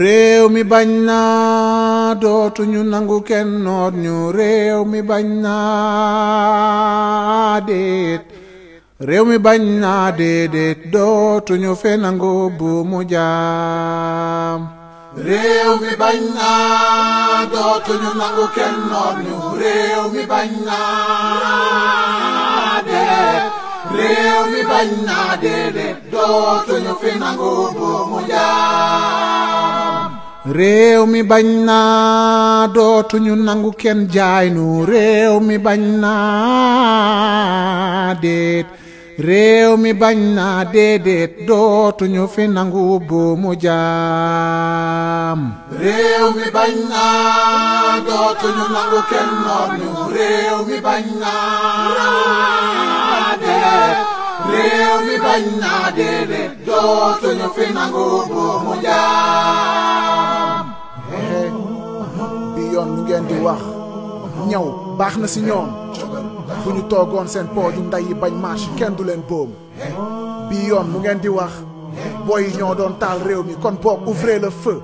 réew mi bañ na dootuñu nangu kenn ñu réew mi bañ naa réew mi bañ naa déedéet dootuñu fe nangu bu mu jaam réew mi bañ naa dootuñu nangu kenn jaay nu réew mi bañ naa déet réew mi bañ naa déedéet dootuñu fi nangu buumu déet dootuñu fi nangu buumu jaam. yoon lu ngeen di wax ñaw baax na si ñoom bu ñu toogoon seen nous nday yi bañ marche kenn du leen nous bii yoon mu ngeen di wax booy nous ñoo doon taal réew mi kon boog ouvrez le feu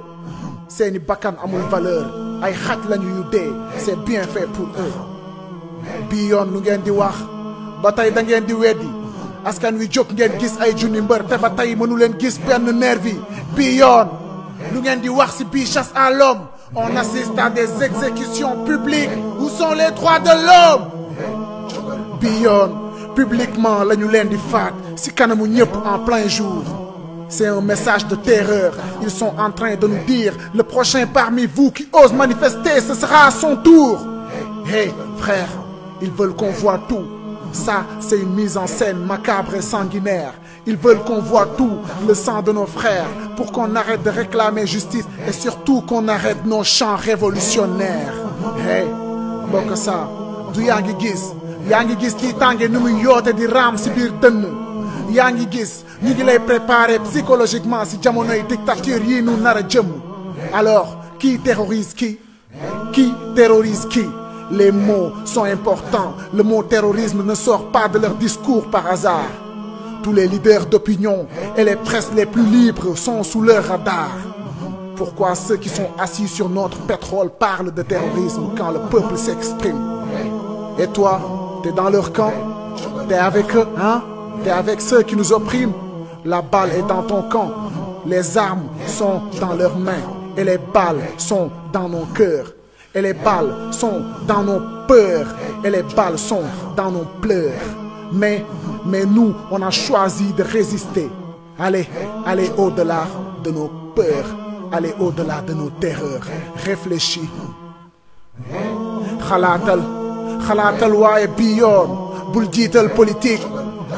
seeni bakkan amul valeur ay nous lañu yu dee c'est bien fait pour eux bii yoon lu ngeen di wax ba tey da ngeen di weddi askan wi ngeen gis ay junni mbër te ba mënu leen gis benn nervi bii yoon lu ngeen di wax si chasse à l'homme on assiste à des exécutions publiques. Où sont les droits de l'homme Bionne, publiquement la new land Si si en plein jour. C'est un message de terreur. Ils sont en train de nous dire, le prochain parmi vous qui ose manifester, ce sera à son tour. Hé, frère, ils veulent qu'on voit tout. Ça, c'est une mise en scène macabre et sanguinaire. Ils veulent qu'on voie tout, le sang de nos frères, pour qu'on arrête de réclamer justice et surtout qu'on arrête nos chants révolutionnaires. Hey, que ça. du Yangigis ngi gis yaa nous gis kii tànge di ram si bir dënn yaa gis ñu préparer psychologiquement si jamonoy dictature yi nous nar alors qui terrorise qui qui terrorise qui les mots sont importants le mot terrorisme ne sort pas de leur discours par hasard tous les leaders d'opinion et les presses les plus libres sont sous leur radar. Pourquoi ceux qui sont assis sur notre pétrole parlent de terrorisme quand le peuple s'exprime Et toi, t'es dans leur camp T'es avec eux, hein T'es avec ceux qui nous oppriment La balle est dans ton camp. Les armes sont dans leurs mains. Et les balles sont dans nos cœurs. Et les balles sont dans nos peurs. Et les balles sont dans nos pleurs. Mais, mais nous, on a choisi de résister. Allez, allez au-delà de nos peurs. Allez au-delà de nos terreurs. Réfléchis. Khalatel xalaatal waaye bii yoon bul jiital politique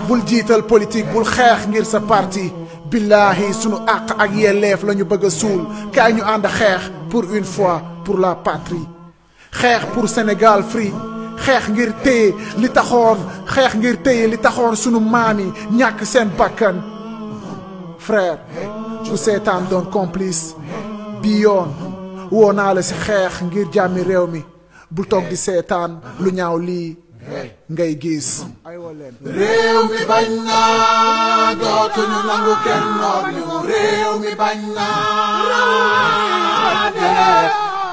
bul jiital politique bul xeex ngir sa parti Billahi sunu ak ak yelef la ñu bëgg sul, ka kaay ñu ànd pour une fois pour la patrie Pour pour Sénégal free xeex ngir téye li taxoon xeex ngir téye li taxoon sunu maam yi ñàkk seen bakkan frère ku seetaan doon complice bi yoon woo naa la ci xeex ngir jàmmi réew mi bul toog di seetaan lu ñaaw lii ngay gis. réew mi bañ naa dootuñu nangu kenn noonu réew mi bañ naa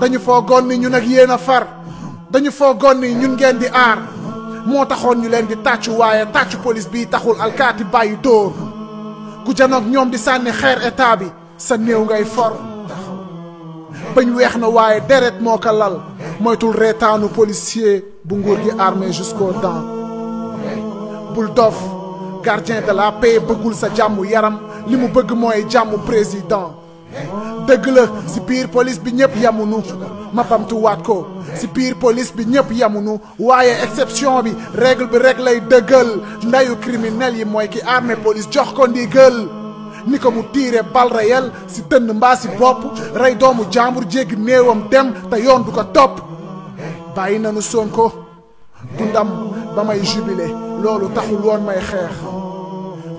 dañu foogoon ni ñun ak far dañu ñun ngeen di Nous mo taxone ñu leen di police bi taxul door ku ñom di xair état bi sa ngay deret lal moytul policier bu armé jusqu'aux bul dof gardien de la paix bëggul sa yaram limu bëgg président de la si pire police bi ñep yamunu ma wat ko si pire police bi ñep yamunu waye exception bi règle bi rek lay dëggal ndayu criminel yi moy ki armé police jox ko ndigal ni ko mu tiire bal réel si tënn mbaa si bopp rey doomu jàmbur jéggi néewam dem te yoon du ko topp bàyyi nanu Sonko du ndam ba may jubilé loolu taxul won may xeex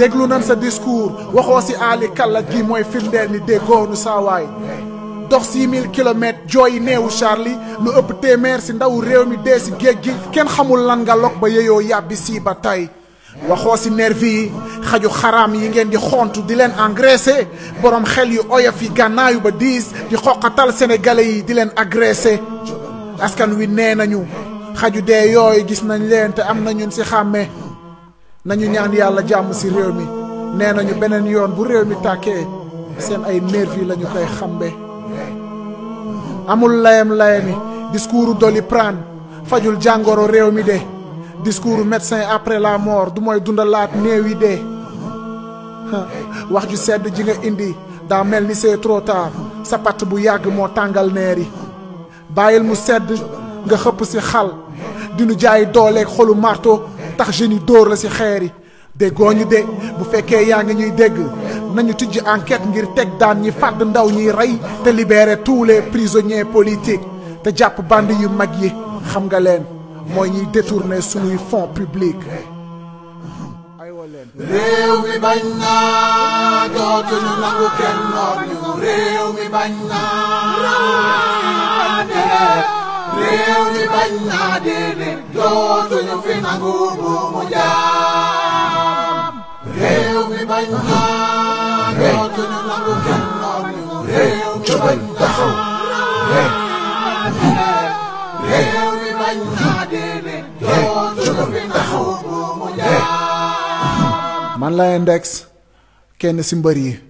déglu nan sa discours waxoo si aali kallat gi mooy firndeel ni déggoonu saawaay dox six mille kilomètres jooyi neewu Charlie lu ëpp téeméer si ndawu réew mi dee si géej gi kenn xamul lan nga log ba yeyoo yàbbi sii ba tey waxoo si nervi yi xaju xaraam yi ngeen di xontu di leen engraissé borom xel yu oyof yi gànnaayu ba diis di xoqatal sénégalais yi di leen agressé askan wi nee nañu xaju dee yooyu gis nañ leen te am na ñun si xàmme nañu ñaan yàlla jàmm ci réew mi nee nañu beneen yoon bu réew mi tàkkee seen ay nervi lañu koy xambe amul layam layami discours Doliprane fajul jàngoro réew mi de discours médecin après la mort du mooy dundalaat néew yi de wax ju sedd ji nga indi daa mel ni c'est trop sa patt bu yàgg moo tàngal neer yi bàyyil mu sedd nga xëpp ci xal dinu jaay dooleeg xolu marto tax jeunes yi dóor la ci xeer yi déggoo ñu de bu fekkee yaa ngi ñuy dégg nañu tijj enquête ngir teg daan ñi fàdd ndaw ñiy rey te libérer tous les prisonniers politiques te jàpp bandi yu mag yi xam nga leen mooy ñuy détourner suñuy fonds publics. réew mi bañ naa dootuñu nangu kenn noor réew mi bañ naa. réew mi bañ naa diine dootuñu fi nangu buumu jaam jaam man laay ndex kenn si mbër yi